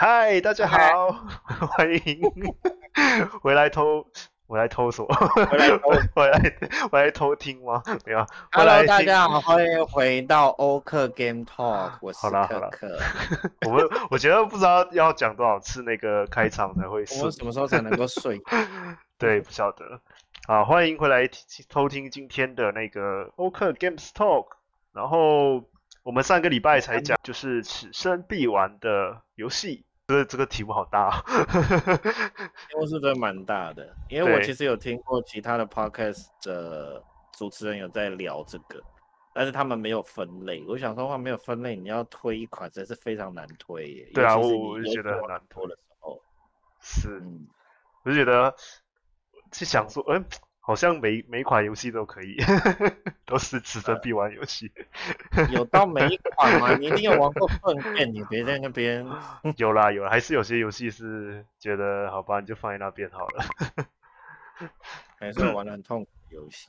嗨，Hi, 大家好，欸、歡迎回來偷，我來偷什麼？回來我來， 來，來偷聽嗎？沒有。h Hello , e 大家好，歡迎回到歐克 Game Talk，我是克克啦。客客 我們我覺得不知道要講多少次那個開場才會睡 我什麼時候才能夠睡？ 對，不曉得。好，歡迎回來偷聽今天的那個歐克 Game Talk。然後我們上個禮拜才講，就是此生必玩的遊戲。這個這個題目好大啊！題目是真的蠻大的，因為我其實有聽過其他的 podcast 的主持人有在聊這個，但是他們沒有分類。我想說話沒有分類，你要推一款實在是非常難推。對啊，我我覺得難推的時候，是我就覺得是、嗯、覺得想說，嗯好像每每一款遊戲都可以，都是此生必玩遊戲。有到每一款嗎？你一定要玩過《魂殿》，你別在那邊。有啦有啦，還是有些遊戲是覺得好吧，你就放在那邊好了。還是玩的很痛苦的遊戲。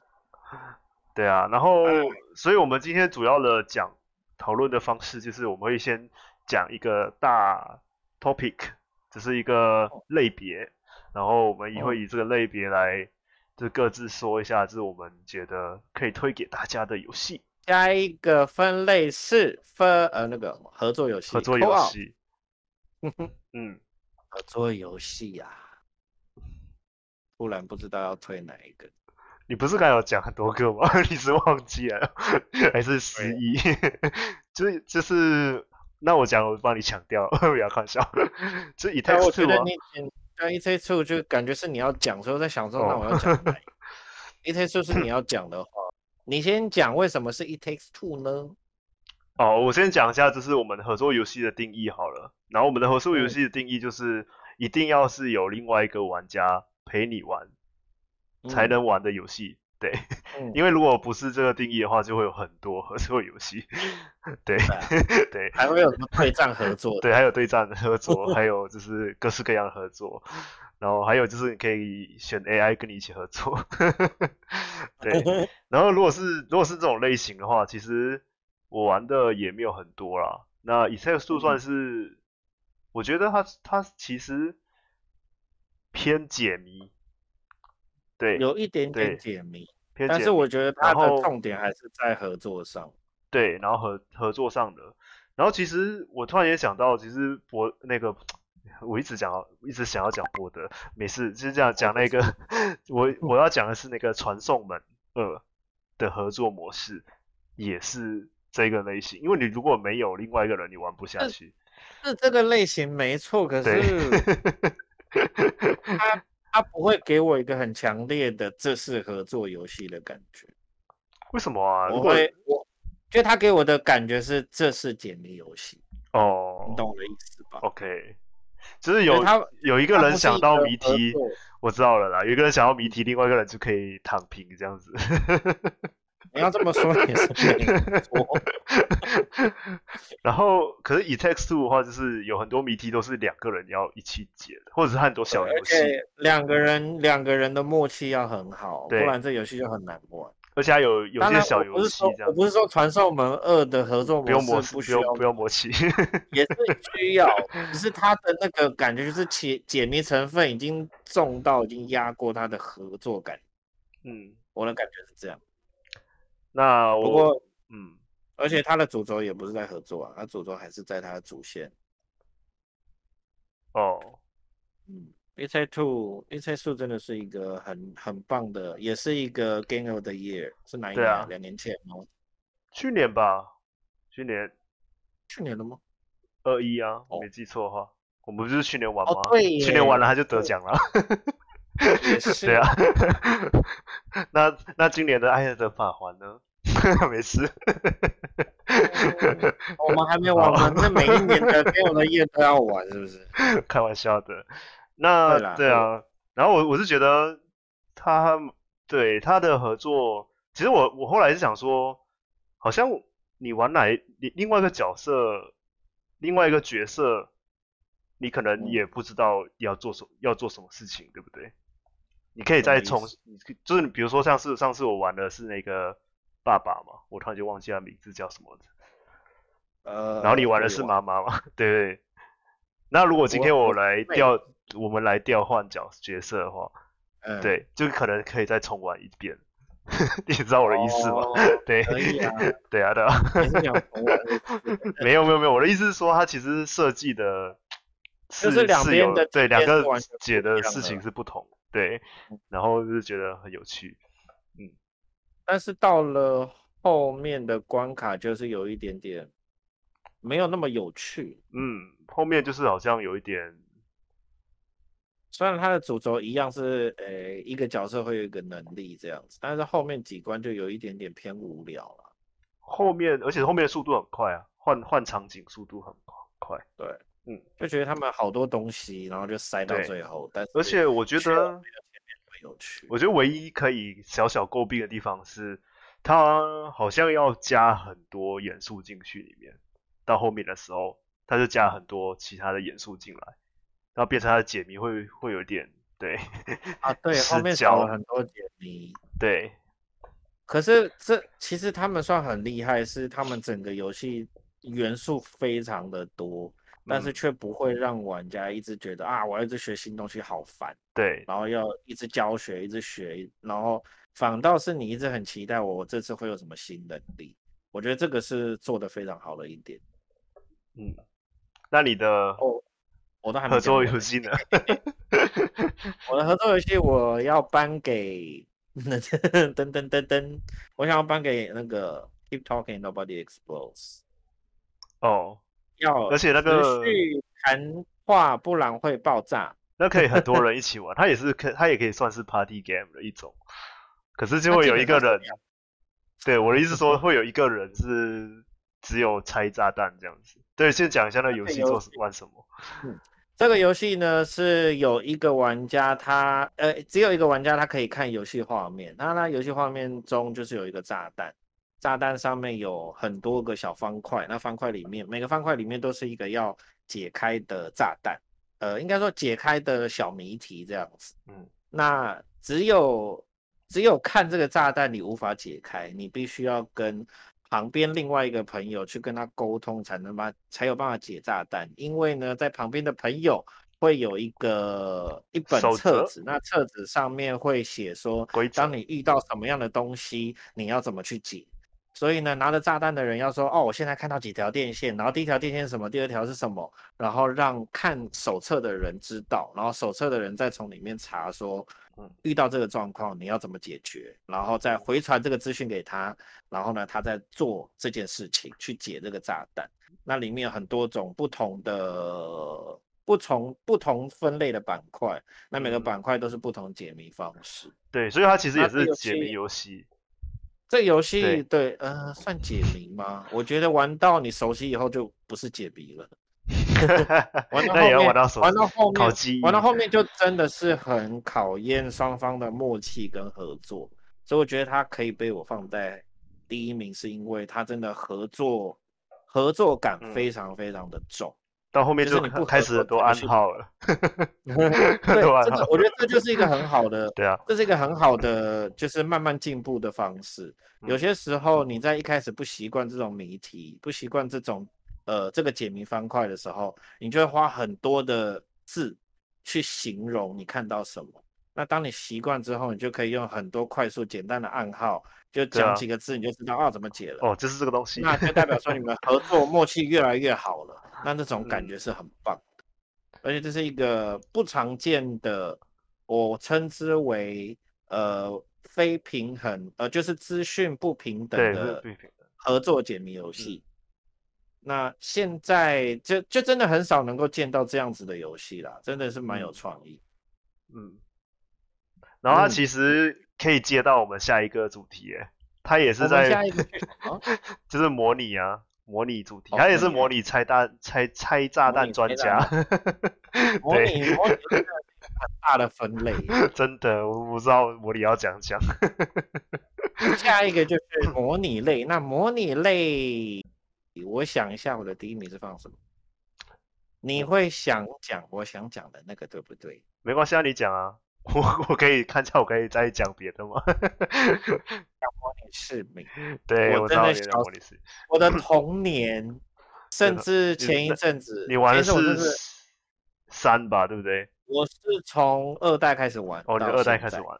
對啊，然後所以我們今天主要的講討論的方式就是，我們會先講一個大 topic，就是一個類別，然後我們也會以這個類別來。是各自說一下，就是我們覺得可以推給大家的遊戲。加一個分類是分呃那個合作遊戲，合作遊戲、啊。嗯哼，嗯，合作遊戲呀，突然不知道要推哪一個。你不是剛有講很多個嗎？ 你是忘記了還是失憶對？ 就是就是，那我講，我幫你強調，不要看笑，這、嗯、以太是嗎？啊 It takes two，就感覺是你要講，所以我在想說，那我要講。It takes two 是你要講的話，你先講。為什麼是 It takes two，oh，呢？哦，我先講一下，就是我們合作遊戲的定義好了。然後我們的合作遊戲的定義就是，一定要是有另外一個玩家陪你玩才能玩的遊戲。對，因為如果不是這個定義的話，就會有很多合作遊戲。對，嗯、對，還會有什麼對戰合作？對，還有對戰合作，還有就是各式各樣的合作。 然後還有就是你可以選 AI 跟你一起合作。 對，然後如果是如果是這種類型的話，其實我玩的也沒有很多啦。那 Excel 數算是，嗯、我覺得它它其實偏解謎。對，有一點點解謎，解密，但是我覺得他的重點還是在合作上。對，然後合合作上的，然後其實我突然也想到，其實博那個，我一直講，一直想要講博德，沒事，就是這樣講那個，對我我要講的是那個《傳送門二》的合作模式，也是這個類型，因為你如果沒有另外一個人，你玩不下去。是，是這個類型沒錯，可是對 他不會給我一個很強烈的這是合作遊戲的感覺，為什麼啊？我會我，就他給我的感覺是這是解謎遊戲哦，oh, 你懂我的意思吧？OK，就是有他有一個人想到謎題，我知道了啦，有一個人想到謎題，另外一個人就可以躺平這樣子。 你要這麼說也是可以的。 然後，可是 It Takes Two 的話，就是有很多謎題都是兩個人要一起解的，或者是很多小遊戲。兩個人，兩、嗯、個人的默契要很好，對不然這遊戲就很難玩。而且有有些小遊戲，這樣我不是說傳送門二的合作模式不需要，不，用不需要默契， 也是需要。只是他的那個感覺就是解解謎成分已經重到已經壓過他的合作感。嗯，我的感覺是這樣。那我過嗯，而且他的主軸也不是在合作啊，他主軸還是在他的主線。哦，嗯，It Takes Two，It Takes Two 真的是一個很很棒的，也是一個 game of the year，是哪一年，啊？兩、啊、年前嗎？去年吧，去年，去年了嗎？二一啊，哦，我沒記錯的話，我們不是，是去年玩嗎？哦，去年玩了他就得獎了。我 也是誰啊， 那那今年的艾爾登法環呢？ 沒事、嗯， 我們還沒玩完，這好 每一年的《沒有的夜》都要玩，是不是？開玩笑的，那對，啦對啊。嗯、然後我我是覺得他對他的合作，其實我我後來是想說，好像你玩來另另外一個角色，另外一個角色，你可能也不知道要做什、嗯、要做什麼事情，對不對？你可以再重，就是你比如說像上次，上次我玩的是那個爸爸嘛，我突然就忘記他名字叫什麼了。呃，然後你玩的是媽媽嘛？ 對，對對。那如果今天我來調，我，我們來調換角角色的話，對，就可能可以再重玩一遍。嗯、 你知道我的意思嗎？Oh, 對，可以啊 對啊，對啊，對啊 沒有沒有沒有，我的意思是說，他其實設計的。是就是兩邊的對兩個解的事情是不同，嗯、對，然後就是覺得很有趣，嗯。但是到了後面的關卡，就是有一點點沒有那麼有趣，嗯。後面就是好像有一點，嗯、雖然它的主軸一樣是，呃、哎、一個角色會有一個能力這樣子，但是後面幾關就有一點點偏無聊了。後面而且後面的速度很快啊，換換場景速度很快，對。嗯，就覺得他們好多東西，然後就塞到最後。對但而且我覺得我覺得唯一可以小小詬病的地方是，他好像要加很多元素進去裡面，到後面的時候他就加很多其他的元素進來，然後變成他的解謎會會有點對啊，對，焦後面加了很多解謎。對，可是這其實他們算很厲害，是他們整個遊戲元素非常的多。但是卻不會讓玩家一直覺得、嗯、啊，我要一直學新東西好煩。對，然後要一直教學，一直學，然後反倒是你一直很期待我,我這次會有什麼新能力。我覺得這個是做得非常好的一點的。嗯，那你的哦，oh, 我都還沒合作遊戲呢。 我的合作遊戲我要頒給那 噔,噔,噔,噔噔噔噔，我想要頒給那個 Keep Talking Nobody Explodes。哦。要，而且那個，談話不然會爆炸，那可以很多人一起玩，它 也是可，它也可以算是 party game 的一種。可是就會有一個人，個，對我的意思說，會有一個人是只有拆炸彈這樣子。對，先講一下那個遊戲做是玩什麼。嗯，這個遊戲呢是有一個玩家，他，他呃只有一個玩家，他可以看遊戲畫面。他那遊戲畫面中就是有一個炸彈。炸彈上面有很多個小方塊，那方塊裡面每個方塊裡面都是一個要解開的炸彈，呃，應該說解開的小謎題這樣子。嗯，那只有只有看這個炸彈你無法解開，你必須要跟旁邊另外一個朋友去跟他溝通，才能把才有辦法解炸彈。因為呢，在旁邊的朋友會有一個一本冊子，那冊子上面會寫說，當你遇到什麼樣的東西，你要怎麼去解。所以呢，拿着炸彈的人要說：“哦，我現在看到幾條電線，然後第一條電線是什麼，第二條是什麼。然後讓看手冊的人知道，然後手冊的人再從裡面查說，嗯，遇到這個狀況你要怎麼解決，然後再回傳這個資訊給他，然後呢，他再做這件事情去解這個炸彈。那裡面有很多種不同的、不同不同分類的板塊，那每個板塊都是不同解謎方式。嗯、對，所以它其實也是解謎遊戲。遊戲”這遊戲對，對，呃，算解謎嗎？我覺得玩到你熟悉以後就不是解謎了。 玩到後面， 那也要玩到熟悉，玩到後面，雞玩到後面就真的是很考驗雙方的默契跟合作。所以我覺得它可以被我放在第一名，是因為它真的合作，合作感非常非常的重。嗯到後面就，就是你不開始多暗號了， 對，這我覺得這就是一個很好的，對啊，這是一個很好的，就是慢慢進步的方式。有些時候你在一開始不習慣這種謎題，不習慣這種呃這個解謎方塊的時候，你就會花很多的字去形容你看到什麼。那當你習慣之後，你就可以用很多快速簡單的暗號，就講幾個字，啊、你就知道啊怎麼解了。哦，就是這個東西。那就代表說你們合作默契越來越好了。 那這種感覺是很棒的，嗯、而且這是一個不常見的，我稱之為呃非平衡呃就是資訊不平等的合作解謎遊戲。嗯、那現在就就真的很少能夠見到這樣子的遊戲啦，真的是蠻有創意，嗯。嗯然後他其實可以接到我們下一個主題，哎，他也是在，下一個 就是模擬啊，模擬主題，他也是模擬拆彈、拆拆炸彈專家，模擬 對，很大的分類，真的我不知道模擬要怎樣講。 下一個就是模擬類，那模擬類，我想一下，我的第一名是放什麼？你會想講我想講的那個，對不對？沒關係啊，你講啊。我我可以看一下，我可以再講別的嗎？講模擬人生，對我真的也講模擬人生， 我的童年，甚至前一陣子，你玩的是三吧，對不對？我是從二代開始玩，哦，你二代開始玩，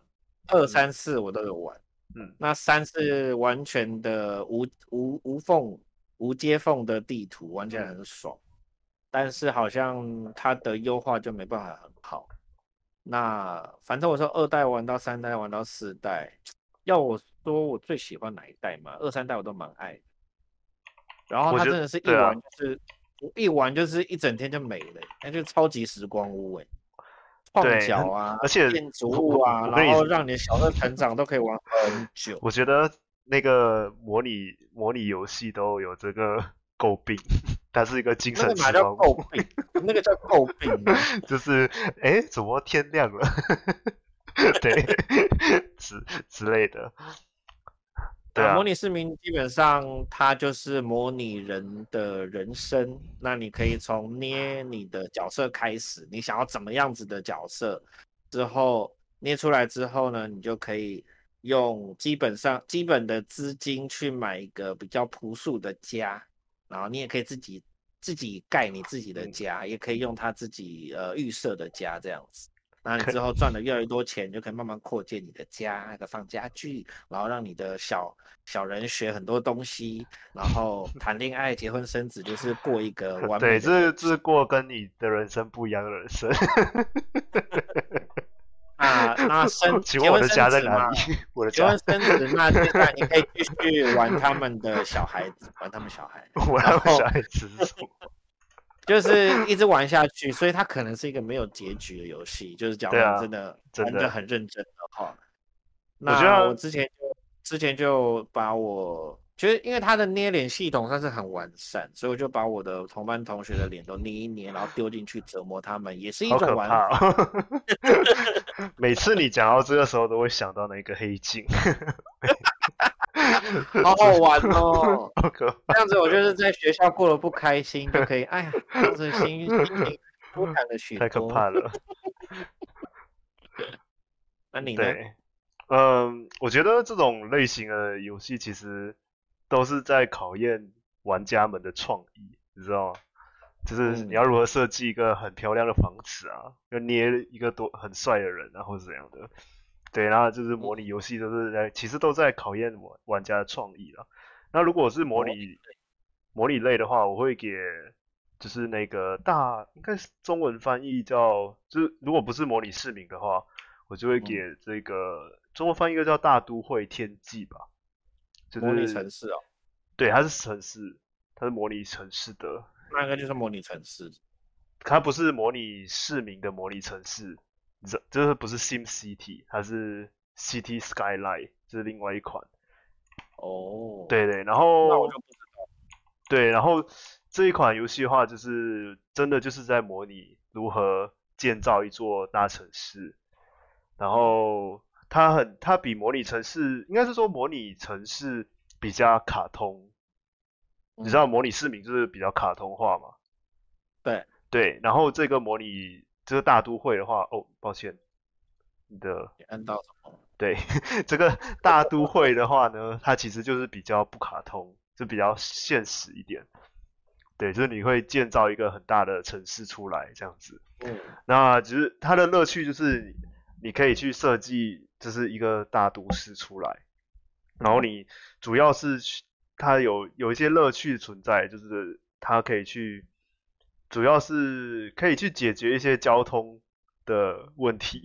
二三四我都有玩。嗯，那三是完全的無無無縫無接縫的地圖，玩起來很爽，嗯、但是好像它的優化就沒辦法很好。那反正我說二代玩到三代玩到四代，要我說我最喜歡哪一代嘛？二三代我都蠻愛。然後他真的是一玩就是我、啊、一玩就是一整天就沒了，那就超級時光屋哎，泡腳啊，而且建築物啊，然後讓你小的成長都可以玩很久。我覺得那個模擬模擬遊戲都有這個。詬病，它是一個精神的詬病， 那個叫詬病，就是哎，怎麼天亮了？ 對， 之之類的。對啊對，模擬市民基本上它就是模擬人的人生。那你可以從捏你的角色開始，你想要怎麼樣子的角色？之後捏出來之後呢，你就可以用基本上基本的資金去買一個比較樸素的家。然後你也可以自己自己蓋你自己的家，嗯、也可以用他自己呃預設的家這樣子。那以你之後賺的越來越多錢，你就可以慢慢擴建你的家，那個放家具，然後讓你的小小人學很多東西，然後談戀愛、 結婚、生子，就是過一個完美日子。對，這，這過跟你的人生不一樣的人生。 對 那那生結婚的家在哪裡？結婚生子，那那你可以繼續玩他們的小孩子， 玩他們小孩，玩他們小孩子， 就是一直玩下去。所以它可能是一個沒有結局的遊戲，就是講真的，真的很認真的話。好，那我之前就之前就把我。其實因為它的捏臉系統算是很完善，所以我就把我的同班同學的臉都捏一捏，然後丟進去折磨他們，也是一種玩法。好可怕哦。 每次你講到這個時候，都會想到那個黑鏡， 好好玩哦。 好可怕。這樣子我就是在學校過得不開心就可以，哎呀，讓人心舒坦了許多。太可怕了。對， 那你呢？嗯，我覺得這種類型的遊戲其實。都是在考驗玩家們的創意，你知道嗎？就是你要如何設計一個很漂亮的房子啊，要捏一個多很帥的人，啊，或者怎樣的？對，然後就是模擬遊戲都是在其實都在考驗玩玩家的創意啦。那如果是模擬、哦、模擬類的話，我會給就是那個大應該是中文翻譯叫，就是如果不是模擬市民的話，我就會給這個中文翻譯叫大都會天際吧。就是、模擬城市啊，哦，對，它是城市，它是模擬城市的，那應該就是模擬城市。它不是模擬市民的模擬城市，這這是不是 SimCity？它是 City Skyline，這是另外一款。哦。Oh, 對對，然後。那我就不知道。對，然後這一款遊戲的話，就是真的就是在模擬如何建造一座大城市，然後。嗯它很，它比模擬城市應該是說模擬城市比較卡通，你知道模擬市民就是比較卡通化嘛？嗯。對，對。然後這個模擬這個大都會的話，哦，抱歉，你的你按到什麼？對，這個大都會的話呢，它其實就是比較不卡通，就比較現實一點。對，就是你會建造一個很大的城市出來這樣子。嗯。那其實它的樂趣就是。你可以去設計，就是一個大都市出來，然後你主要是去，它有有一些樂趣存在，就是它可以去，主要是可以去解決一些交通，的問題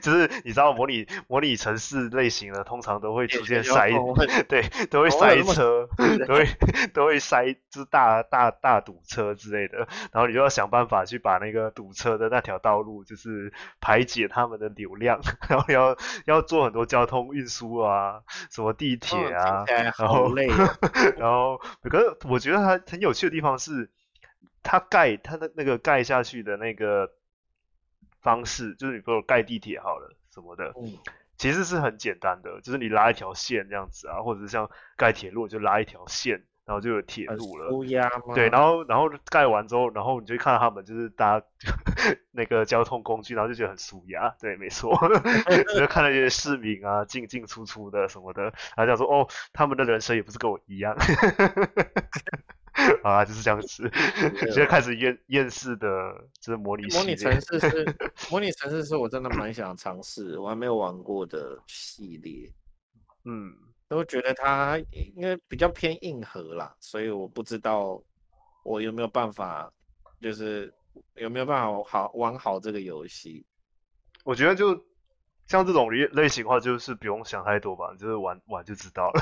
就是，你知道模擬 模擬城市類型的，通常都會出現塞， 對，都會塞車，都會 都會塞，就是、大大大堵車之類的。然後你就要想辦法去把那個堵車的那條道路，就是排解他們的流量。 然後要要做很多交通運輸啊，什麼地鐵啊，然後、嗯、然後，可是我覺得它很有趣的地方是，它蓋它的那個蓋下去的那個。方式就是，比如說蓋地鐵好了什麼的，嗯、其實是很簡單的，就是你拉一條線這樣子啊，或者是像蓋鐵路就拉一條線，然後就有鐵路了。舒壓嘛對，然後然後蓋完之後，然後你就看到他們就是搭 那個交通工具，然後就覺得很舒壓，對，沒錯， 你就看到一些市民啊進進出出的什麼的，然後想說哦，他們的人生也不是跟我一樣。 啊，就是這樣子，現在開始厭厭世的，就是模擬模擬城市是 模擬城市是我真的蠻想嘗試，我還沒有玩過的系列，嗯，都覺得它應該比較偏硬核啦，所以我不知道我有沒有辦法，就是有沒有辦法好玩好這個遊戲，我覺得就。像這種類類型的話，就是不用想太多吧，就是玩玩就知道了。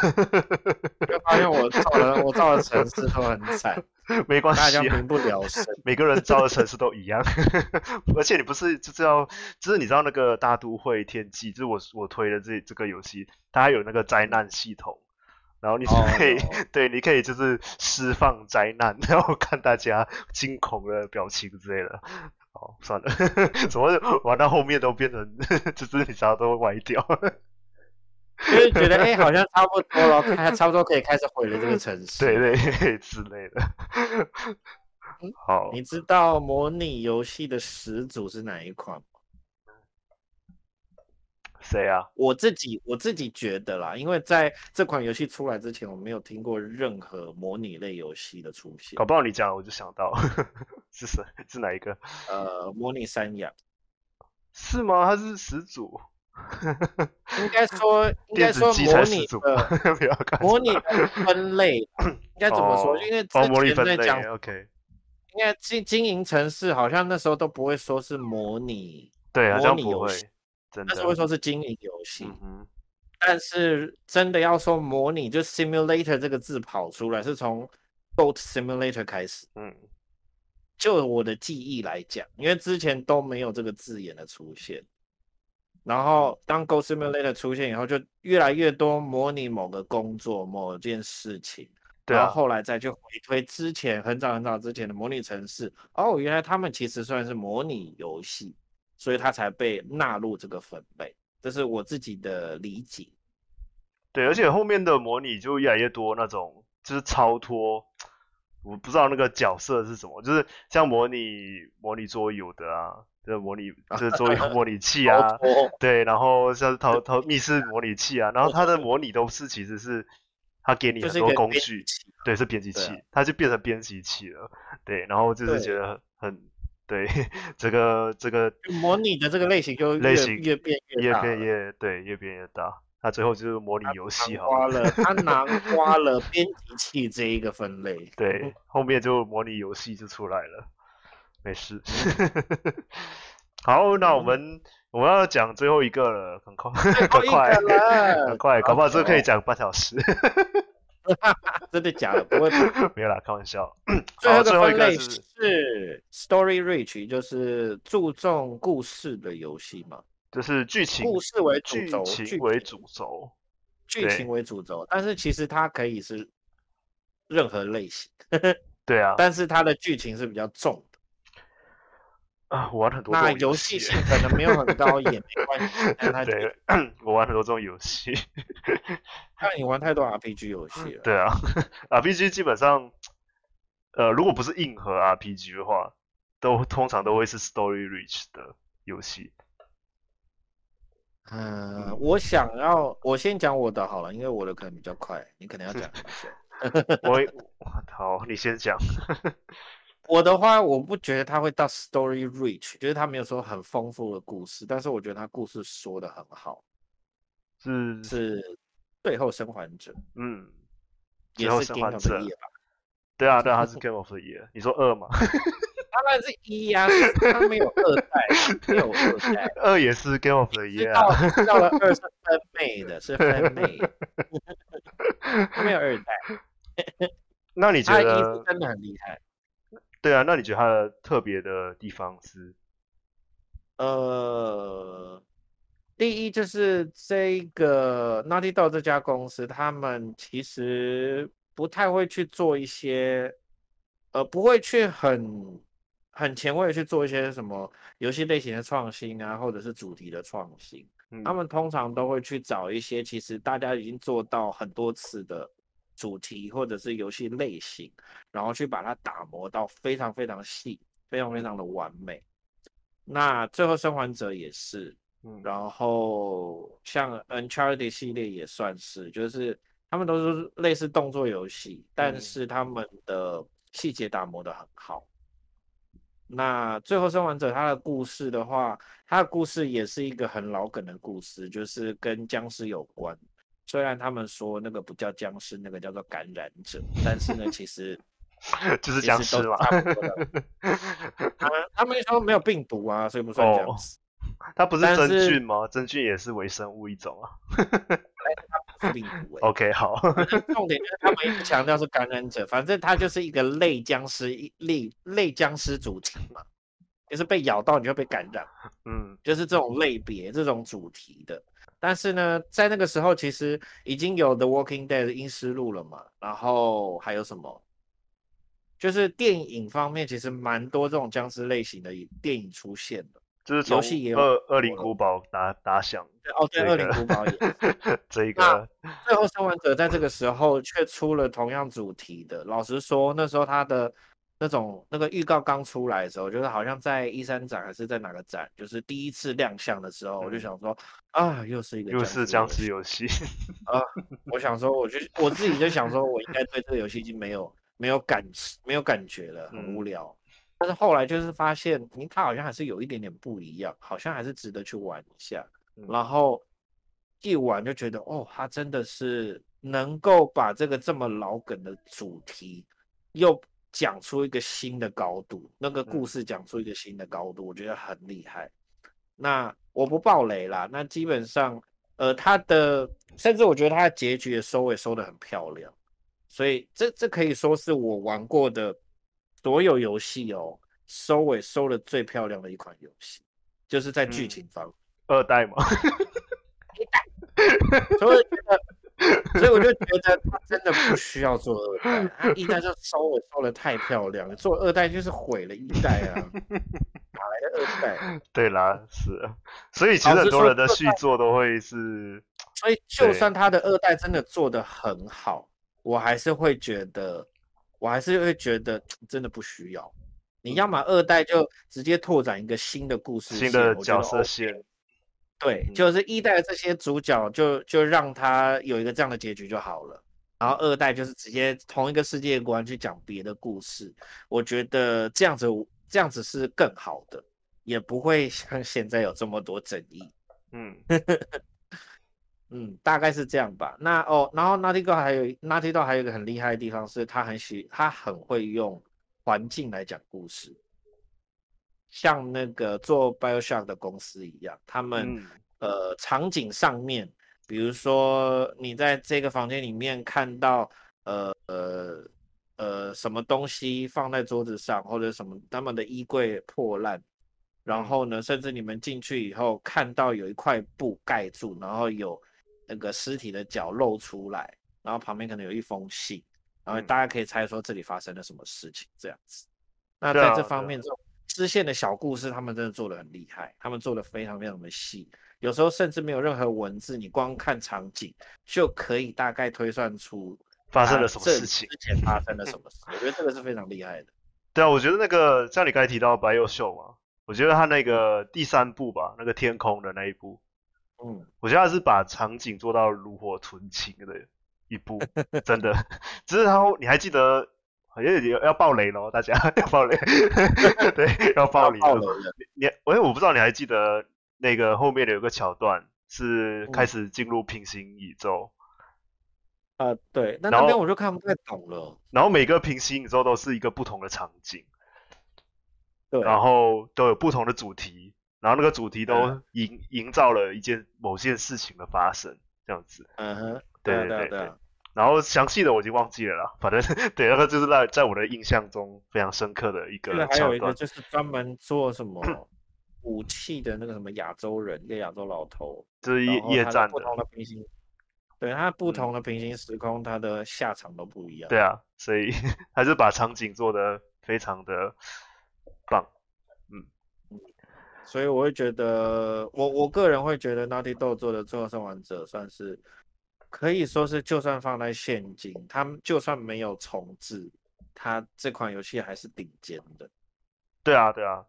發現 我造的我造的城市都很慘，沒關係、啊，民不聊生。每個人造的城市都一樣， 而且你不是知道，就是你知道那個大都會天際，就是我我推的這這個遊戲，它有那個災難系統。然後你是可以，oh, okay, okay. 對，你可以就是釋放災難，然後看大家驚恐的表情之類的。哦、oh，算了， 怎麼玩到後面都變成， 就是你啥都歪掉。就是覺得哎、欸，好像差不多了， 差不多可以開始毀了這個城市。對對，之類的。 好，你知道模擬遊戲的始祖是哪一款？誰呀，我自己我自己覺得啦，因為在這款遊戲出來之前，我沒有聽過任何模擬類遊戲的出現。搞不好你講，我就想到是誰是哪一個？呃，模擬三亞是嗎？他是始祖？應該說應該說模擬的模擬分類應該怎麼說？因為之前在講 OK，應該經經營城市好像那時候都不會說是模擬，對，模擬遊戲。那時候說是經營遊戲，嗯、哼但是真的要說模擬，就 simulator 這個字跑出來是從 goat simulator 開始。嗯，就我的記憶來講，因為之前都沒有這個字眼的出現，然後當 goat simulator 出現以後，就越來越多模擬某個工作、某件事情，對啊、然後後來再去回推之前很早很早之前的模擬城市，哦，原來他們其實算是模擬遊戲。所以他才被納入這個分類，這是我自己的理解。對，而且後面的模擬就越來越多那種，就是超脫，我不知道那個角色是什麼，就是像模擬模擬桌遊的啊，這、就是、模擬這、就是、桌遊模擬器啊， 超脫對，然後像逃逃密室模擬器啊，然後它的模擬都是其實是他給你很多工具，對，是編輯器，啊、它就變成編輯器了，對，然後就是覺得很。對，這個這個模擬的這個類型就類型越變越大，越變越對越變越大，那最後就是模擬遊戲好了。它囊括了編輯 器這一個分類，對，後面就模擬遊戲就出來了。沒事，嗯、 好，那我們、嗯、我們要講最後一個了，很快，很快，很快，搞不好這可以講半小時。 哈哈哈， 真的假的？不會， 沒有啦，開玩笑 。最後一個分類是 Story Rich，就是注重故事的遊戲嘛，就是劇情。故事為主軸，劇情為主軸，劇情為主軸對。但是其實它可以是任何類型。 對啊，但是它的劇情是比較重的。啊，我玩很多這種遊戲。那遊戲性可能沒有很高，也沒關係。 對，我玩很多這種遊戲。看 你玩太多 RPG 遊戲了。對啊，RPG 基本上，呃，如果不是硬核 RPG 的話，都通常都會是 Story Rich 的遊戲。嗯，我想要，我先講我的好了，因為我的可能比較快，你可能要講。 我，我好，你先講。 我的話，我不覺得他會到 Story Rich，就是他沒有說很豐富的故事，但是我覺得他故事說的很好。是是最、嗯，最後生還者，嗯，最後生還者吧？對啊，對啊，他是 Game of the Year。你說二嗎？當然是一呀，啊，他沒有二代，沒有二代，二也是 Game of the Year。到了到了二，是分美的是分美，他沒有二代。那你覺得？他真的很厲害。對啊，那你覺得它的特別的地方是？呃，第一就是這個 Naughty Dog 這家公司，他們其實不太會去做一些，呃，不會去很很前衛去做一些什麼遊戲類型的創新啊，或者是主題的創新。嗯、他們通常都會去找一些其實大家已經做到很多次的。主題或者是遊戲類型，然後去把它打磨到非常非常細，非常非常的完美。那《最後生還者》也是，嗯，然後像《Uncharted》系列也算是，就是他們都是類似動作遊戲，嗯，但是他們的細節打磨得很好。那《最後生還者》他的故事的話，他的故事也是一個很老梗的故事，就是跟僵屍有關。雖然他們說那個不叫殭屍，那個叫做感染者，但是呢，其實 就是殭屍嘛。他們、嗯、他們說沒有病毒啊，所以不算殭屍。Oh, 他不是真菌嗎？是真菌也是微生物一種啊。 他不是病毒、欸。OK，好。 重點就是他們一直強調是感染者，反正他就是一個類殭屍、類類殭屍主題嘛，就是被咬到你就被感染，嗯，就是這種類別、嗯、這種主題的。但是呢，在那個時候，其實已經有《The Walking Dead》的《陰屍路》了嘛，然後還有什麼？就是電影方面，其實蠻多這種僵屍類型的電影出現的，就是從遊戲也有惡、惡、《惡靈古堡》打、打響、這個。哦，對，這個《惡靈古堡》也、也。 這一個，《最後生還者》在這個時候卻出了同樣主題的。老實說，那時候他的。那種那個預告剛出來的時候，就覺、是、得好像在一三展還是在哪個展，就是第一次亮相的時候，嗯、我就想說啊，又是一個又是僵屍遊戲 啊！我想說，我就我自己就想說，我應該對這個遊戲已經沒有 沒有感沒有感覺了，很無聊。嗯、但是後來就是發現，你看好像還是有一點點不一樣，好像還是值得去玩一下。嗯、然後一玩就覺得，哦，他真的是能夠把這個這麼老梗的主題又。講出一個新的高度，那個故事講出一個新的高度，嗯、我覺得很厲害。那我不爆雷啦，那基本上，呃，它的甚至我覺得它的結局的收尾收的很漂亮，所以這這可以說是我玩過的所有遊戲哦，收尾收的最漂亮的一款遊戲，就是在劇情方、嗯、二代嘛， 一代，所以。 所以我就覺得他真的不需要做二代，他一代就燒我燒的太漂亮了，做二代就是毀了一代啊，哪來的二代？對啦，是啊，所以其實很多人的續作都會是，所以就算他的二代真的做的很好，對我還是會覺得，我還是會覺得真的不需要，你要麼二代就直接拓展一個新的故事、新的角色線。對，就是一代的這些主角就就讓他有一個這樣的結局就好了，然後二代就是直接同一個世界觀去講別的故事，我覺得這樣子這樣子是更好的，也不會像現在有這麼多爭議。嗯 嗯，大概是這樣吧。那哦，然後 Naughty Dog 還有 Naughty Dog 還有一個很厲害的地方是，他很喜他很會用環境來講故事。像那個做 BioShock 的公司一樣，他們、嗯、呃，場景上面，比如說你在這個房間裡面看到呃呃呃，什麼東西放在桌子上，或者什麼他們的衣櫃破爛，然後呢，甚至你們進去以後看到有一塊布蓋住，然後有那個屍體的腳露出來，然後旁邊可能有一封信，然後大家可以猜說這裡發生了什麼事情、嗯、這樣子。那在這方面支線的小故事，他們真的做的很厲害，他們做得非常的非常非常的細，有時候甚至沒有任何文字，你光看場景就可以大概推算出發生了什麼事情。之、啊、前發生了什麼事？ 我覺得這個是非常厲害的。對啊，我覺得那個像你剛才提到 BioShock 嘛，我覺得他那個第三部吧，那個天空的那一部，嗯，我覺得他是把場景做到爐火純青的一部，真的。 只是他，你還記得？好像要要爆雷咯，大家要爆雷。對，要爆雷。你哎，我不知道你還記得那個後面的有個橋段是開始進入平行宇宙。嗯、啊，對，但那邊我就看不太懂了。然後，然後每個平行宇宙都是一個不同的場景，對然後都有不同的主題，然後那個主題都營、嗯、營造了一件某件事情的發生，這樣子。嗯哼，對、啊、對、啊對、啊、對。對啊然後詳細的我已經忘記了啦，反正對，那個就是在在我的印象中非常深刻的一個。那還有一個就是專門做什麼武器的那個什麼亞洲人， 一個亞洲老頭，就是夜夜戰的。的不同的平行，對他不同的平行時空，嗯、他的下場都不一樣。對啊，所以還是把場景做得非常的棒，嗯嗯。所以我會覺得，我我個人會覺得 Naughty Dog 做的《最後生還者》算是。可以說是，就算放在現今，他們就算沒有重置，它這款遊戲還是頂尖的。對啊，對啊，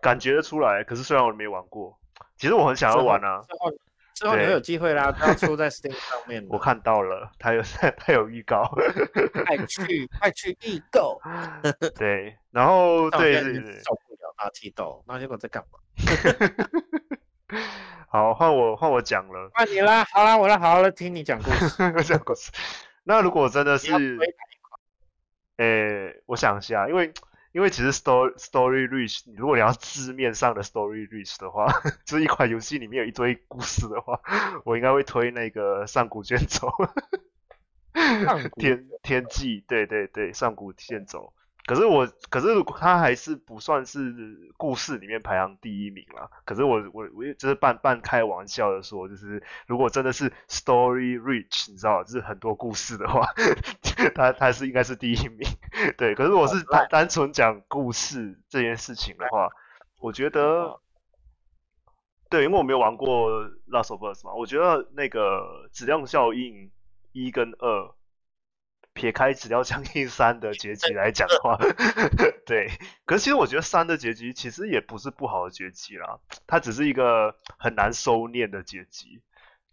感覺得出來。可是雖然我沒玩過，其實我很想要玩啊。之後，之後，後你會有機會啦，他出對在 Steam 上面。我看到了，他有他有預告，快 去快去預、e、購。 對，然後對在受不了，那氣到，那結果幹嘛 好，換我換我講了，換你啦。好啦，我要好好來聽你講故， 故事。那如果真的是，誒，我想一下，因為因為其實 story story rich，如果你要字面上的 story rich 的話，這 一款遊戲裡面有一堆故事的話，我應該會推那個上古卷軸。 上古。天天際，對對對，上古卷軸。可是我，可是他還是不算是故事裡面排行第一名啦。可是我，我，我也就是半半開玩笑的說，就是如果真的是 story rich，你知道，就是很多故事的話， 他他是應該是第一名。對，可是我是單單純講故事這件事情的話，我覺得，對，因為我沒有玩過 Last of Us 嘛，我覺得那個質量效應一跟二。撇開《質量效應三》的結局來講的話， 對，可是其實我覺得三的結局其實也不是不好的結局啦，它只是一個很難收斂的結局，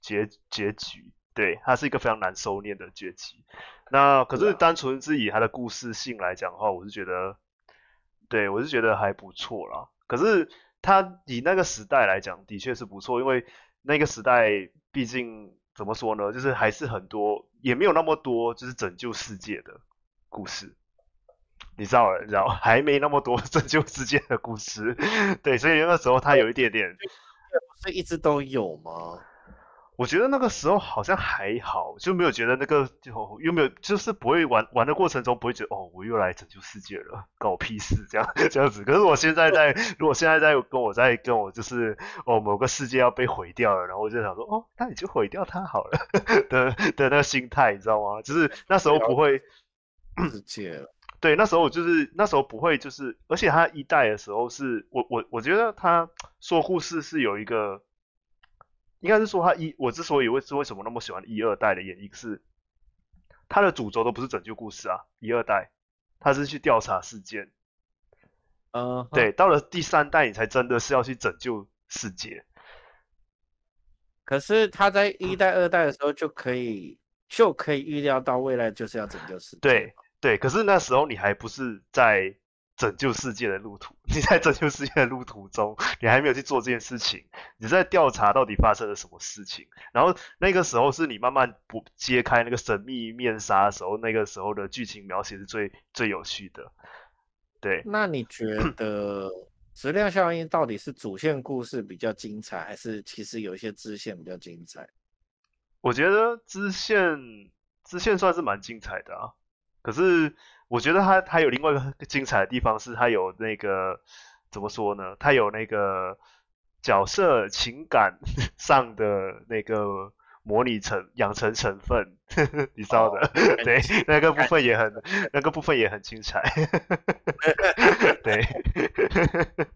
結結局，對，它是一個非常難收斂的結局。那可是單純是以它的故事性來講的話，啊、我是覺得，對我是覺得還不錯啦。可是它以那個時代來講，的確是不錯，因為那個時代畢竟。怎麼說呢？就是還是很多，也沒有那麼多，就是拯救世界的故事，你知道然，你知道，還沒那麼多拯救世界的故事，對，所以那時候他有一點點，這不是一直都有嗎？我覺得那個時候好像還好，就沒有覺得那個就又沒有，就是不會玩，玩的過程中不會覺得哦，我又來拯救世界了，搞屁事這樣這樣子。可是我現在在，如果現在在跟我在跟我就是哦，某個世界要被毀掉了，然後我就想說哦，那你就毀掉它好了的的、的那個心態，你知道嗎？就是那時候不會，世界對，那時候我就是那時候不會，就是而且他一代的時候是我我我覺得他說故事是有一個。應該是說他一，我之所以為是為什麼那麼喜歡一二代的原因，是他的主軸都不是拯救故事啊，一二代他是去調查事件，嗯、uh-huh. 對，到了第三代你才真的是要去拯救世界。可是他在一代、二代的時候就可以、嗯、就可以預料到未來就是要拯救世界。對對，可是那時候你還不是在。拯救世界的路途，你在拯救世界的路途中，你還沒有去做這件事情，你在調查到底發生了什麼事情。然後那個時候是你慢慢不揭開那個神秘面紗的時候，那個時候的劇情描寫是最最有趣的。對，那你覺得質 量效應到底是主線故事比較精彩，還是其實有一些支線比較精彩？我覺得支線支線算是蠻精彩的啊，可是。我覺得他他有另外一個精彩的地方是，他有那個怎麼說呢？他有那個角色情感上的那個模擬成養成成分呵呵，你知道的，哦、對，那個部分也很對那個部分也很精彩。對，對對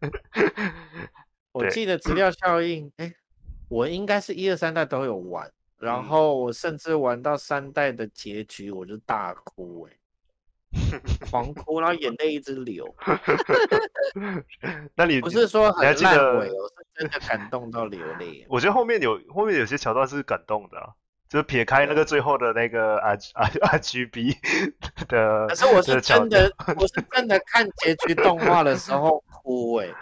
我記得質量效應，哎、嗯，我應該是一二三代都有玩，然後我甚至玩到三代的結局，我就大哭誒，哎。 狂哭，然後眼淚一直流。 那你不是說很爛尾？你，我是真的感動到流淚。 我覺得後面有後面有些橋段是感動的，就是撇開那個最後的那個 RGB 的，對 的可是我是真的， 我是真的看結局動畫的時候哭哎、欸。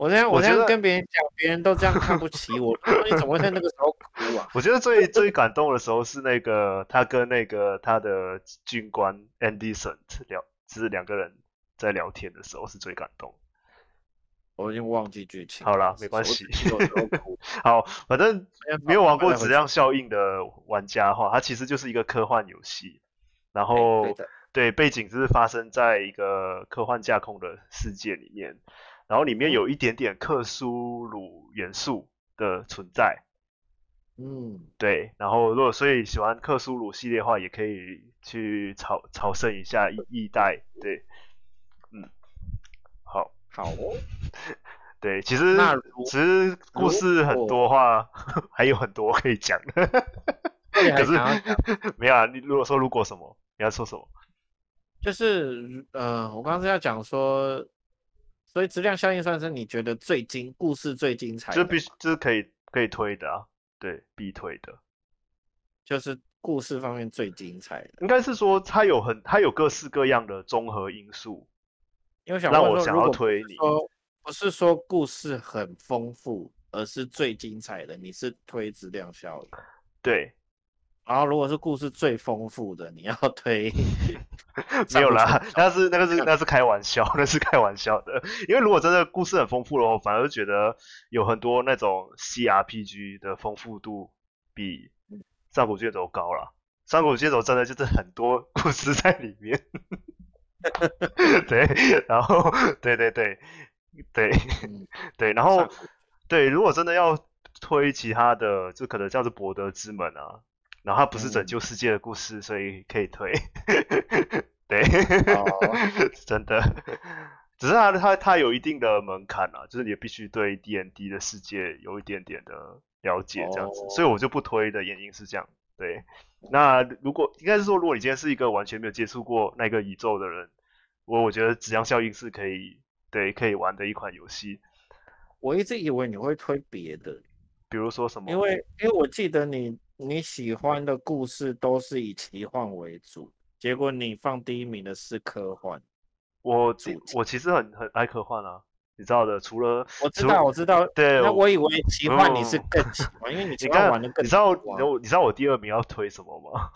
我現在我現在跟別人講，別人都這樣看不起我， 我你怎麼會在那個時候哭啊？我覺得最最感動的時候是那個他跟那個他的軍官 Anderson 聊，就是兩個人在聊天的時候是最感動。我已經忘記劇情，好了，沒關係。 好，反正沒有玩過《質量效應》的玩家的話，它其實就是一個科幻遊戲，然後、欸、對，對背景就是發生在一個科幻架空的世界裡面。然後裡面有一點點克蘇魯元素的存在，嗯，對。然後如果所以喜歡克蘇魯系列的話，也可以去朝朝聖一下一代，對，嗯，好，好、哦， 對，其實那如其實故事很多話 還有很多可以講 講， 可是沒有、啊。你如果說如果什麼，你要說什麼？就是嗯、呃，我剛剛是要講說。所以質量效應算是你覺得最精，故事最精彩的？這必這是可以可以推的啊，對，必推的，就是故事方面最精彩的，應該是說它有很它有各式各樣的綜合因素，因為我想，我想要推你不，不是說故事很豐富，而是最精彩的，你是推質量效應，對。然後、啊，如果是故事最豐富的，你要推沒有啦？那是那個是那個，是開玩笑，那個，是開玩笑的。因為如果真的故事很豐富的話，我反而覺得有很多那種 CRPG 的豐富度比上巨《上古卷軸》高了，《上古卷軸》真的就是很多故事在裡面。 對，然後對對對對對，對對然後對，如果真的要推其他的，就可能像是《博德之門》啊。然後它不是拯救世界的故事，嗯、所以可以推。嗯、 對，好好 真的，只是它它它有一定的門檻啊，就是你必須對 DND 的世界有一點點的了解，這樣子，哦、所以我就不推的原因是這樣。對，那如果應該是說，如果你今天是一個完全沒有接觸過那個宇宙的人，我我覺得《質量效應》是可以對可以玩的一款遊戲。我一直以為你會推別的，比如說什麼？因為因為我記得你。你喜歡的故事都是以奇幻為主，結果你放第一名的是科幻。我主題我其實很很愛科幻啊，你知道的。除了我知道，了我知道，對。那我以為奇幻你是更喜歡，哦、因為你奇幻玩的更，啊你。你知道，你知道我第二名要推什麼嗎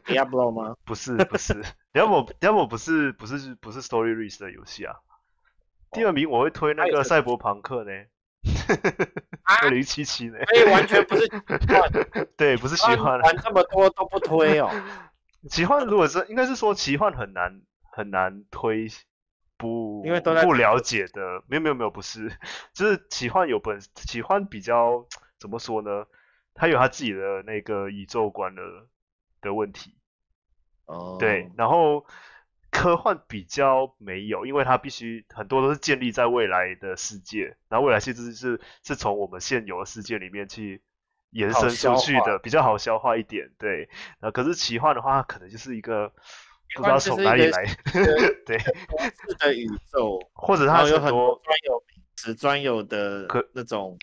？Diablo 嗎？不是，不是。Diablo 不，不，不是，不是，不是 Story Rich 的遊戲啊。哦、第二名我會推那個賽博朋克呢。二零七七呢？所、 欸啊、完全不是奇幻， 對，不是奇幻。玩這麼多都不推哦，奇幻如果是，應該是說奇幻很難很難推不，不因為都不了解的，沒有沒有沒有，不是，就是奇幻有本奇幻比較怎麼說呢？他有他自己的那個宇宙觀的的問題，哦，對，然後。科幻比較沒有，因為它必須很多都是建立在未來的世界，那未來其實是是從我們現有的世界裡面去延伸出去的，比較好消化一點。對，那可是奇幻的話，它可能就是一個、嗯、不知道從哪裡來， 對，的宇宙，或者它很有很多專有名詞，專有的可那種，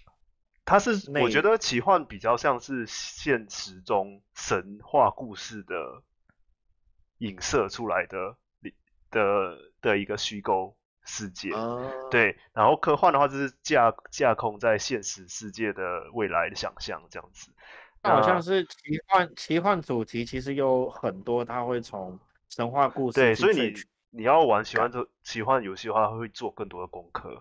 它是我覺得奇幻比較像是現實中神話故事的影射出來的。的的一個虛構世界，嗯、對，然後科幻的話就是架架空在現實世界的未來的想象這樣子。那好像是奇幻那奇幻主題，其實有很多，他會從神話故事。對，所以你去你要玩喜歡就奇幻遊戲的話，會做更多的功課。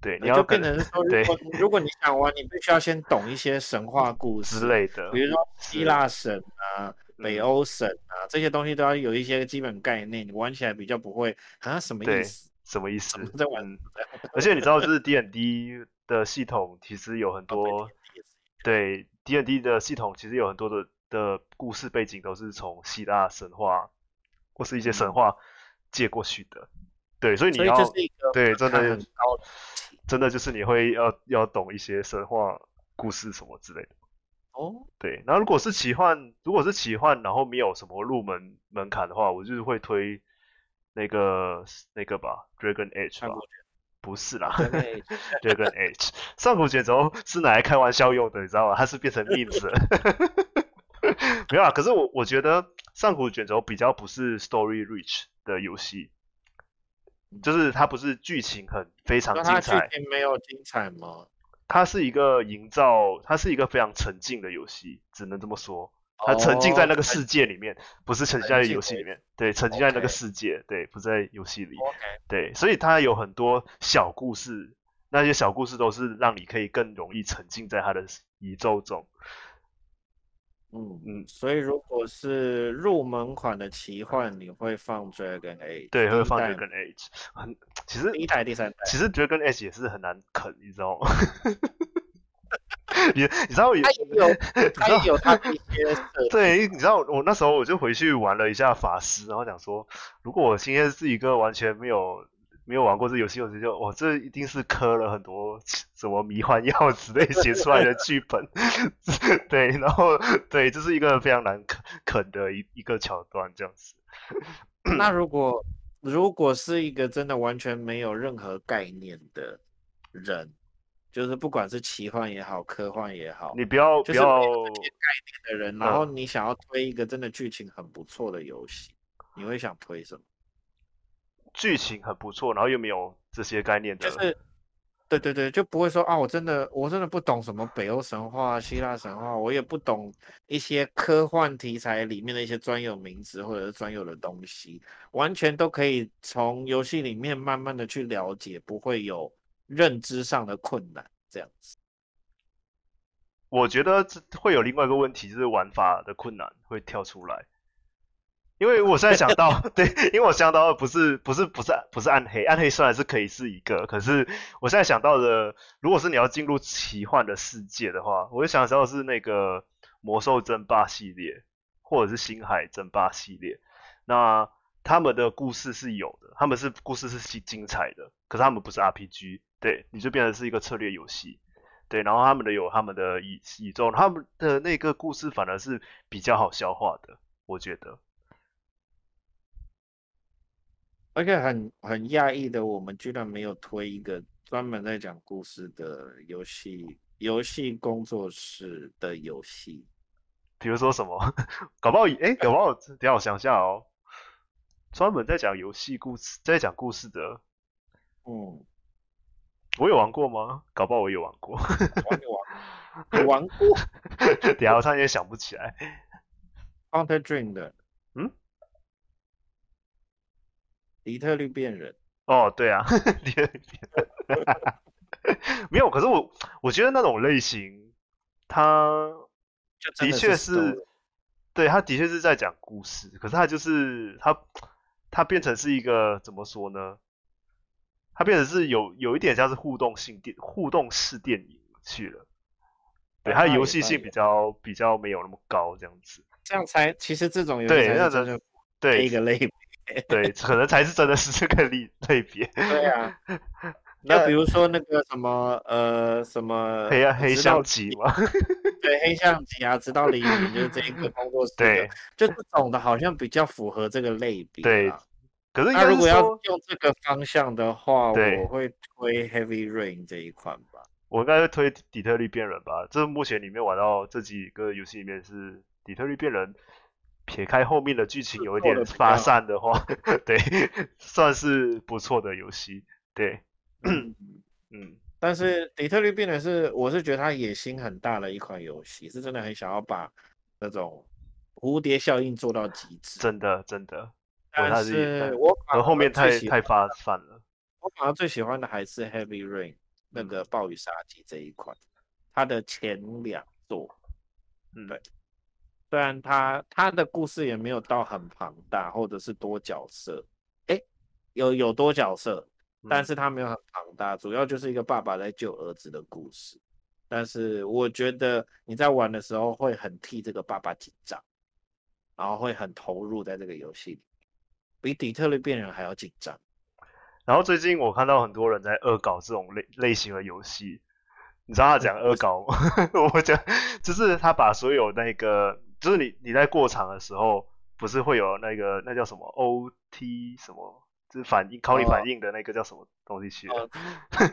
對，你要能變成說，如果對如果你想玩， 你必須要先懂一些神話故事之類的，比如說希臘神啊。北歐神啊，這些東西都要有一些基本概念，你玩起來比較不會啊什麼意思？什麼意思？意思在玩。而且你知道，就是 D N D 的系統其實有很多，哦、D D 對 D N D 的系統其實有很多的的故事背景都是從希臘神話或是一些神話借過去的。嗯、對，所以你要以對真的看，真的就是你會要要懂一些神話故事什麼之類的。.哦，對，那如果是奇幻，如果是奇幻，然後沒有什麼入門門檻的話，我就是會推那個那個吧，Dragon Age 吧，不是啦，Dragon, ，Dragon Age， 上古卷軸是拿來開玩笑用的，你知道嗎？它是變成歷史， 沒有啊。可是我我覺得上古卷軸比較不是 Story Rich 的遊戲，就是它不是劇情很非常精彩，沒有精彩嗎？它是一個營造，它是一個非常沉浸的遊戲，只能這麼說。它沉浸在那個世界裡面，oh, okay. 不是沉浸在遊戲裡面。對，對，沉浸在那個世界，Okay. 對，不在遊戲裡。Okay. 對，所以它有很多小故事，那些小故事都是讓你可以更容易沉浸在它的宇宙中。嗯嗯，所以如果是入門款的奇幻，你會放 Dragon Age。對，會放 Dragon Age, 很。其實一代、第三代，其實 Dragon Age 也是很難啃，你知道嗎？ 你你知道有他有他一些， 對，你知道我那時候我就回去玩了一下法師，然後講說，如果我今天是一個完全沒有沒有玩過這遊戲，我就就哇，這一定是磕了很多什麼迷幻藥之類寫 出來的劇本， 對，然後對，這、就是一個非常難啃啃的一一個橋段，這樣子。那如果？如果是一個真的完全沒有任何概念的人，就是不管是奇幻也好，科幻也好，你不要不要概念的人，嗯，然後你想要推一個真的劇情很不錯的遊戲，你會想推什麼？劇情很不錯，然後又沒有這些概念的。就是對對對，就不會說啊，我真的我真的不懂什麼北歐神話、希臘神話，我也不懂一些科幻題材裡面的一些專有名詞或者是專有的東西，完全都可以從遊戲裡面慢慢的去了解，不會有認知上的困難，這樣子。我覺得這會有另外一個問題，就是玩法的困難會跳出來。 因為我現在想到，對，因為我想到的不是不是不是不是暗黑，暗黑雖然是可以是一個，可是我現在想到的，如果是你要進入奇幻的世界的話，我就想到是那個魔獸爭霸系列，或者是星海爭霸系列。那他們的故事是有的，他們是故事是精精彩的，可是他們不是 RPG，對，你就變得是一個策略遊戲，對，然後他們的有他們的宇宇宙，他們的那個故事反而是比較好消化的，我覺得。而且，很很訝異的，我們居然沒有推一個專門在講故事的遊戲遊戲工作室的遊戲，比如說什麼？搞不好，哎、欸，搞不好，嗯、等一下我想一下哦。專門在講遊戲故事，在講故事的，嗯，我有玩過嗎？搞不好我有玩過， 玩，玩過。玩？玩過？哎呀，我差點想不起來。Quantic Dream 的。底特律變人哦，oh, 對啊， 底特律 沒有。可是我我覺得那種類型，他的確是，是對，他的確是在講故事。可是他就是他他變成是一個怎麼說呢？他變成是有有一點像是互動性電互動式電影去了。對，他的遊戲性比較比較沒有那麼高，這樣子。這樣才其實這種遊戲才真正對一個類。對，可能才是真的是這個類類別。 對啊，那比如說那個什麼， 呃，什麼黑暗、啊、黑相集吧。 對，黑相集啊，直到黎明就是這一個工作室對就這種的好像比較符合這個類別。對，可是，是如果要用這個方向的話，對我會推 Heavy Rain 這一款吧。我應該會推底特律變人吧，這是目前裡面玩到這幾個遊戲裡面是底特律變人。撇開後面的劇情有一點發散的話，的 對，算是不錯的遊戲，對， 嗯，嗯，但是、嗯、底特律變人是我是覺得他野心很大的一款遊戲，是真的很想要把那種蝴蝶效應做到極致，真的真的。真的但是，我，是、嗯、我後面太太發散了。我反而最喜歡的還是 Heavy Rain 那個暴雨殺機這一款，嗯、它的前兩作。嗯，對。雖然他他的故事也沒有到很龐大，或者是多角色，哎，有有多角色，但是他沒有很龐大，嗯、主要就是一個爸爸在救兒子的故事。但是我覺得你在玩的時候會很替這個爸爸緊張，然後會很投入在這個遊戲裡，比《底特律變人》還要緊張。然後最近我看到很多人在惡搞這種類類型的遊戲，你知道他講惡搞嗎？是 我講就是他把所有那個。就是你你在過場的時候，不是會有那個那叫什麼 O T 什麼，就是反應，考你反應的那個叫什麼東西去了，我、哦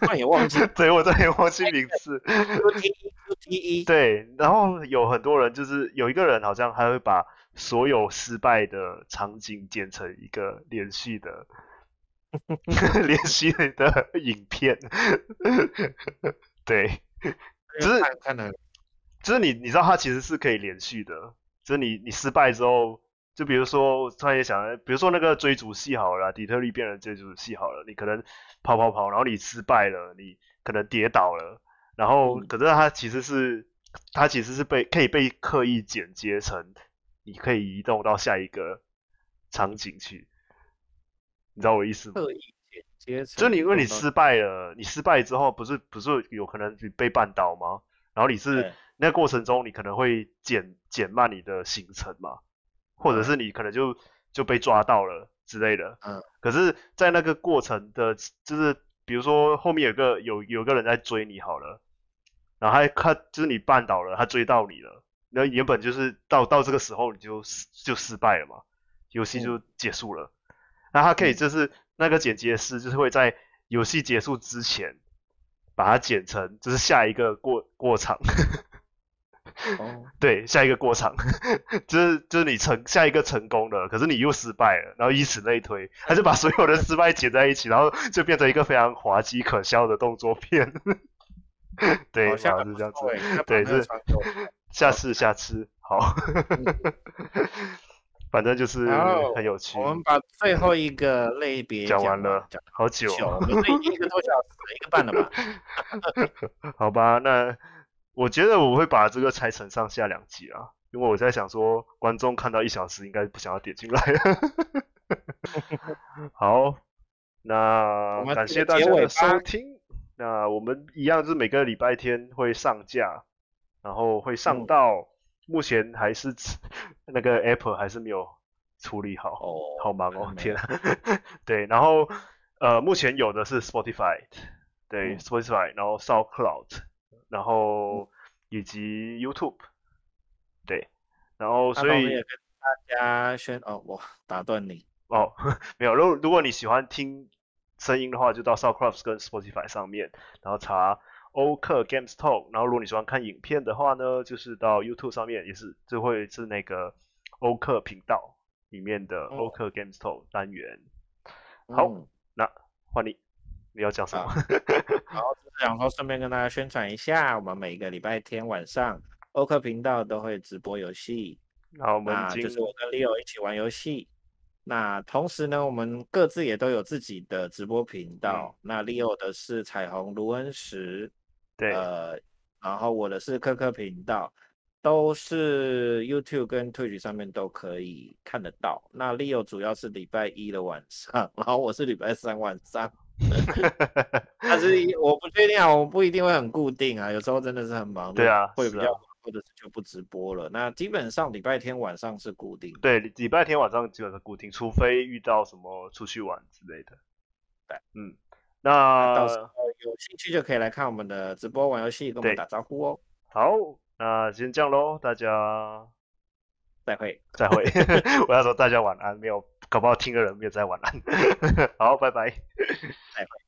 哦、也忘記。 對，我這也忘記名字。O T U te. U te. 對，然後有很多人，就是有一個人好像還會把所有失敗的場景剪成一個連續的 連續的影片。 對，只、就是看能。就是你，你知道它其實是可以連續的。就是你，你失敗之後，就比如說，突然也想，比如說那個追逐戲好了，啊，底特律變成追逐戲好了，你可能跑跑跑，然後你失敗了，你可能跌倒了，然後可是它其實是，它其實是被可以被刻意剪接成，你可以移動到下一個場景去。你知道我意思嗎？刻意剪接成，就是你因為你失敗了，你失敗之後不是不是有可能被絆倒嗎？然後你是。哎那過程中，你可能會減減慢你的行程嘛，或者是你可能就就被抓到了之類的。嗯，可是，在那個過程的，就是比如說後面有個有有個人在追你好了，然後他，他就是你絆倒了，他追到你了，那原本就是到到這個時候你就就失敗了嘛，遊戲就結束了。那、嗯、他可以就是那個剪輯師，就是會在遊戲結束之前把它剪成就是下一個過過場。 哦，oh. 對，下一個過場 就是就是你成下一個成功了，可是你又失敗了，然後以此類推，他就把所有的失敗剪在一起，oh. 然後就變成一個非常滑稽可笑的動作片。 對，好像是這樣子。本對，是下次 下次好， 反正就是很有趣。我們把最後一個類別講完了，好久了，一個多小時，一個半了吧？好吧，那。我覺得我會把這個拆成上下兩集啊，因為我在想說，觀眾看到一小時應該不想要點進來。 好，那感謝大家的收聽。我那我們一樣是每個禮拜天會上架，然後會上到、嗯、目前還是那個 Apple 還是沒有處理好，哦，好忙哦，天啊，了 對，然後呃，目前有的是 Spotify，對、嗯、，Spotify，然後 SoundCloud。然後以及 YouTube、嗯、對，然後所以、啊、大家先哦，我打斷你哦，沒有。如果如果你喜歡聽聲音的話，就到 SoundCloud 跟 Spotify 上面，然後查歐克 Games Talk。然後如果你喜歡看影片的話呢，就是到 YouTube 上面，也是就會是那個歐克頻道裡面的歐克 Games Talk 單元。嗯、好，嗯、那換你。你要講啥好？ 然後就是順便跟大家宣傳一下，我們每個禮拜天晚上歐克頻道都會直播遊戲。然後我們，就是我跟 Leo 一起玩遊戲。那同時呢，我們各自也都有自己的直播頻道。嗯、那 Leo 的是彩虹盧恩石，對、呃，然後我的是歐克頻道，都是 YouTube 跟 Twitch 上面都可以看得到。那 Leo 主要是禮拜一的晚上，然後我是禮拜三晚上。哈哈，但 是我不確定啊，我不一定會很固定啊，有時候真的是很忙的，對啊，會比較忙，啊、或者是就不直播了。那基本上禮拜天晚上是固定，對，禮拜天晚上基本上固定，除非遇到什麼出去玩之類的。對，嗯，那，那到時候有興趣就可以來看我們的直播玩遊戲，跟我們打招呼哦。好，那先這樣嘍，大家再會，再會， 我要說大家晚安， 沒有。搞不好聽個人別再玩了。 好， 拜拜，拜拜。